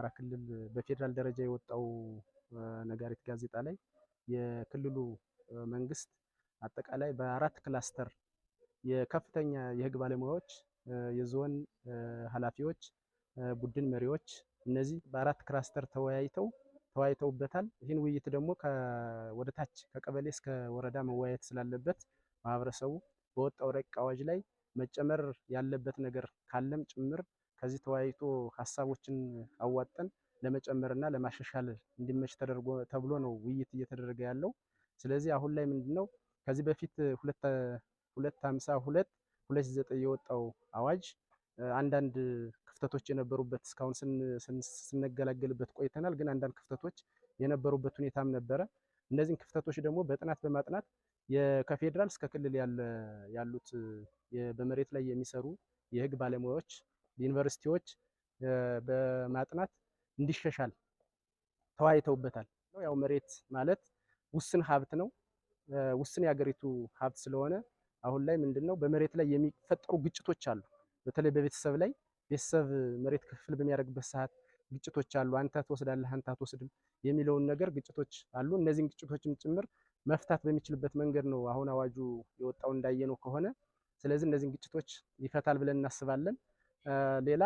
የአማራ ክልል በፌዴራል ደረጃ የወጣው ነጋሪት ጋዜጣ ላይ የክልሉ መንግስት አጠቃላይ በአራት ክላስተር የከፍተኛ የህግ ባለሙያዎች፣ የዞን ኃላፊዎች፣ ቡድን መሪዎች እነዚህ በአራት ክላስተር ተወያይተው ተወያይተውበታል። ይህን ውይይት ደግሞ ወደ ታች ከቀበሌ እስከ ወረዳ መወያየት ስላለበት ማህበረሰቡ በወጣው ረቂቅ አዋጅ ላይ መጨመር ያለበት ነገር ካለም ጭምር ከዚህ ተወያይቶ ሀሳቦችን አዋጠን ለመጨመርና ለማሻሻል እንዲመች ተደርጎ ተብሎ ነው ውይይት እየተደረገ ያለው። ስለዚህ አሁን ላይ ምንድነው ከዚህ በፊት ሁለት ሀምሳ ሁለት ሁለት ዘጠኝ የወጣው አዋጅ አንዳንድ ክፍተቶች የነበሩበት እስካሁን ስንገላገልበት ቆይተናል። ግን አንዳንድ ክፍተቶች የነበሩበት ሁኔታም ነበረ። እነዚህን ክፍተቶች ደግሞ በጥናት በማጥናት ከፌዴራል እስከ ክልል ያሉት በመሬት ላይ የሚሰሩ የህግ ባለሙያዎች ዩኒቨርሲቲዎች በማጥናት እንዲሻሻል ተወያይተውበታል። ያው መሬት ማለት ውስን ሀብት ነው። ውስን የሀገሪቱ ሀብት ስለሆነ አሁን ላይ ምንድን ነው በመሬት ላይ የሚፈጠሩ ግጭቶች አሉ። በተለይ በቤተሰብ ላይ ቤተሰብ መሬት ክፍል በሚያደርግበት ሰዓት ግጭቶች አሉ። አንተ ትወስዳለህ፣ አንተ አትወስድም የሚለውን ነገር ግጭቶች አሉ። እነዚህን ግጭቶችም ጭምር መፍታት በሚችልበት መንገድ ነው አሁን አዋጁ የወጣው እንዳየነው ከሆነ። ስለዚህ እነዚህን ግጭቶች ይፈታል ብለን እናስባለን። ሌላ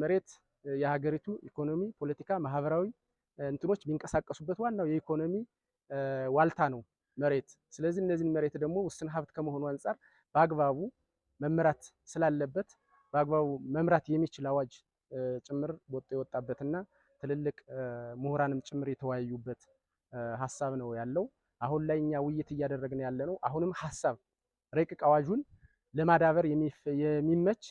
መሬት የሀገሪቱ ኢኮኖሚ፣ ፖለቲካ፣ ማህበራዊ እንትኖች የሚንቀሳቀሱበት ዋናው የኢኮኖሚ ዋልታ ነው መሬት። ስለዚህ እነዚህን መሬት ደግሞ ውስን ሀብት ከመሆኑ አንጻር በአግባቡ መምራት ስላለበት በአግባቡ መምራት የሚችል አዋጅ ጭምር ወጥ የወጣበትና ትልልቅ ምሁራንም ጭምር የተወያዩበት ሀሳብ ነው ያለው። አሁን ላይ እኛ ውይይት እያደረግን ያለ ነው። አሁንም ሀሳብ ረቂቅ አዋጁን ለማዳበር የሚመች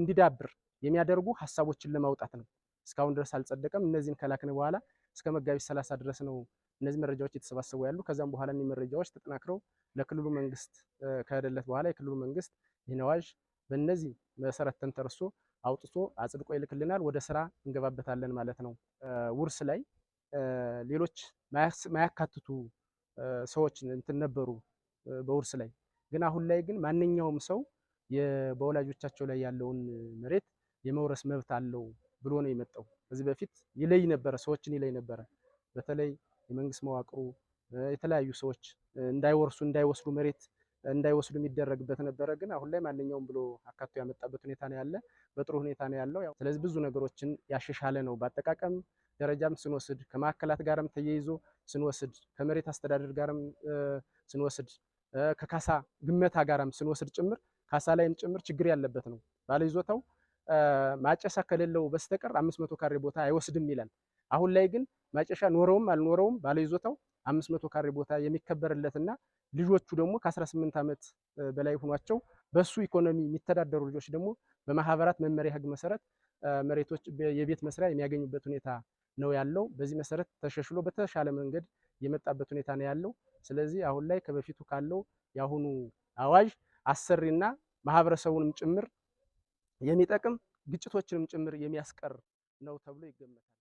እንዲዳብር የሚያደርጉ ሀሳቦችን ለማውጣት ነው። እስካሁን ድረስ አልጸደቀም። እነዚህን ከላክን በኋላ እስከ መጋቢት ሰላሳ ድረስ ነው እነዚህ መረጃዎች የተሰባሰቡ ያሉ። ከዛም በኋላ እነዚህ መረጃዎች ተጠናክረው ለክልሉ መንግስት ከሄደለት በኋላ የክልሉ መንግስት ይህን አዋጅ በእነዚህ መሰረት ተንተርሶ አውጥቶ አጽድቆ ይልክልናል። ወደ ስራ እንገባበታለን ማለት ነው። ውርስ ላይ ሌሎች ማያካትቱ ሰዎች እንትን ነበሩ በውርስ ላይ ግን አሁን ላይ ግን ማንኛውም ሰው በወላጆቻቸው ላይ ያለውን መሬት የመውረስ መብት አለው ብሎ ነው የመጣው። ከዚህ በፊት ይለይ ነበረ፣ ሰዎችን ይለይ ነበረ። በተለይ የመንግስት መዋቅሩ የተለያዩ ሰዎች እንዳይወርሱ እንዳይወስዱ መሬት እንዳይወስዱ የሚደረግበት ነበረ። ግን አሁን ላይ ማንኛውም ብሎ አካቶ ያመጣበት ሁኔታ ነው ያለ፣ በጥሩ ሁኔታ ነው ያለው። ስለዚህ ብዙ ነገሮችን ያሻሻለ ነው። በአጠቃቀም ደረጃም ስንወስድ ከማዕከላት ጋርም ተያይዞ ስንወስድ ከመሬት አስተዳደር ጋርም ስንወስድ ከካሳ ግመታ ጋራም ስንወስድ ጭምር ካሳ ላይም ጭምር ችግር ያለበት ነው። ባለይዞታው ማጨሻ ከሌለው በስተቀር 500 ካሬ ቦታ አይወስድም ይላል። አሁን ላይ ግን ማጨሻ ኖረውም አልኖረውም ባለይዞታው 500 ካሬ ቦታ የሚከበርለትና ልጆቹ ደግሞ ከ18 ዓመት በላይ ሆኗቸው በሱ ኢኮኖሚ የሚተዳደሩ ልጆች ደግሞ በማህበራት መመሪያ ህግ መሰረት መሬቶች የቤት መስሪያ የሚያገኙበት ሁኔታ ነው ያለው። በዚህ መሰረት ተሻሽሎ በተሻለ መንገድ የመጣበት ሁኔታ ነው ያለው። ስለዚህ አሁን ላይ ከበፊቱ ካለው የአሁኑ አዋጅ አሰሪና ማህበረሰቡንም ጭምር የሚጠቅም ግጭቶችንም ጭምር የሚያስቀር ነው ተብሎ ይገመታል።